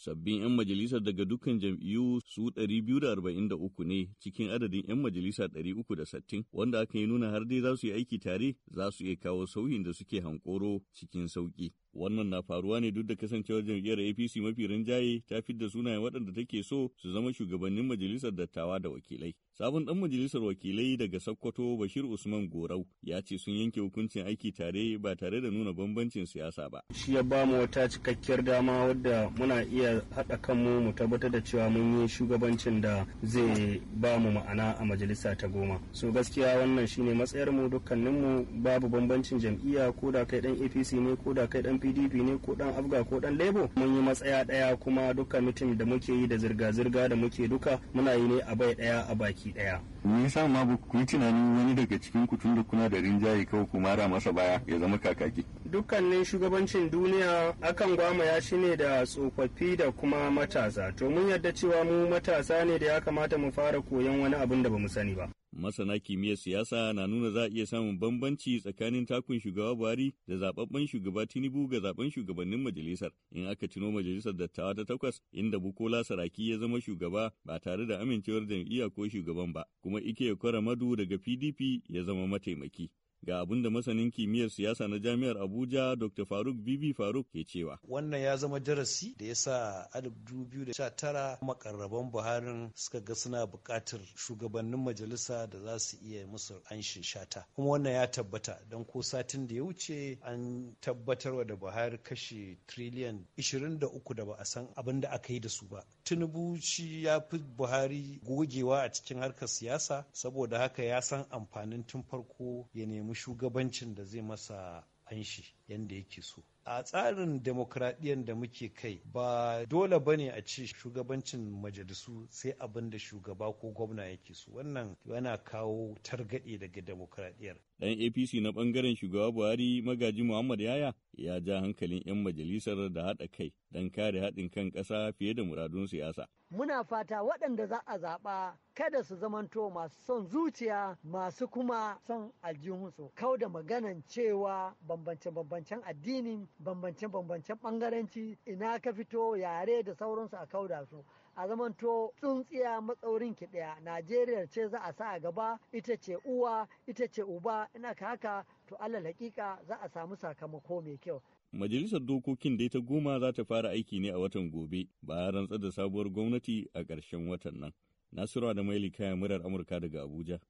Sabbin 'yan majalisa daga dukkan jam'iyyu su 243 ne cikin adadin 'yan majalisa 360 wanda aka yi nuna har dai za su yi aiki tare za su iya kawo sauyin da suke hankoro cikin sauki. Wannan na faruwa ne duk da kasancewar jam'iyyar APC mafi rinjaye ta da sunayen waɗanda take so su zama shugabannin majalisar dattawa da wakilai. Sabon ɗan majalisar wakilai daga Sokoto Bashir Usman Gorau ya ce sun yanke hukuncin aiki tare ba tare da nuna bambancin siyasa ba. Shi ya ba mu wata cikakkiyar dama wadda muna iya a haɗa kanmu mu tabbatar da cewa mun yi shugabancin da zai ba mu ma'ana a majalisa ta goma so gaskiya wannan shine matsayar mu dukkanin mu babu bambancin jam'iyya ko da kai dan APC ne ko da kai dan PDP ne ko dan Afga ko dan Labour mun yi matsaya daya kuma dukkan mutum da muke yi da zirga zirga da muke duka muna yi ne a bai daya a baki daya me yasa ma ku yi tunanin wani daga cikin ku da kuna da rinjaye kawai ku mara masa baya ya zama kakaki dukkanin shugabancin duniya akan gwamaya shi ne da tsofaffi da kuma matasa to mun yarda cewa mu matasa ne da ya kamata mu fara koyon wani abin da bamu sani ba masana kimiyyar siyasa na nuna za a iya samun bambanci tsakanin takun shugaba buhari da zababben shugaba tinubu ga zaben shugabannin majalisar in aka tuno majalisar dattawa ta takwas inda bukola saraki ya zama shugaba ba tare da amincewar jam'iyya ko shugaban ba kuma ike kwara madu daga pdp ya zama mataimaki Ga abin da masanin kimiyyar siyasa na Jami'ar Abuja Dr. Faruk Bibi Faruk ke cewa. Wannan ya zama darasi da ya sa tara makarraban Buharin suka ga suna bukatar shugabannin majalisa da za su iya musu anshin shata. Kuma wannan ya tabbata don ko satin da ya wuce an tabbatarwa da Buhari kashe triliyan 23 da ba a san abin da aka yi da su ba. Tinubu shi ya fi Buhari gogewa a cikin harkar siyasa saboda haka ya san amfanin tun farko ya nemi shugabancin da zai masa anshi yadda yake so a tsarin demokradiyyar da muke kai ba dole ba ne a ce shugabancin majalisu sai abin da shugaba ko gwamna yake su, wannan yana kawo targaɗe daga demokradiyyar dan apc na ɓangaren shugaba buhari magaji muhammad yaya ya ja hankalin 'yan majalisar da haɗa kai don kare haɗin kan ƙasa fiye da muradun siyasa muna fata waɗanda za a zaɓa kada su zamanto masu son zuciya masu kuma son aljihunsu kau da maganan cewa bambance-bambancen addinin bambance-bambancen bangaranci ina ka fito yare da sauransu a kauda su a to tsuntsiya matsaurin ki ɗaya najeriya ce za a sa a gaba ita ce uwa ita ce uba ina ka haka to allah hakika za a samu sakamako mai kyau Majalisar dokokin dai ta goma za ta fara aiki ne a watan gobe bayan rantsar da sabuwar gwamnati a ƙarshen watan nan. Nasiru da Maili kayan murar Amurka daga Abuja,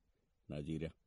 Najeriya.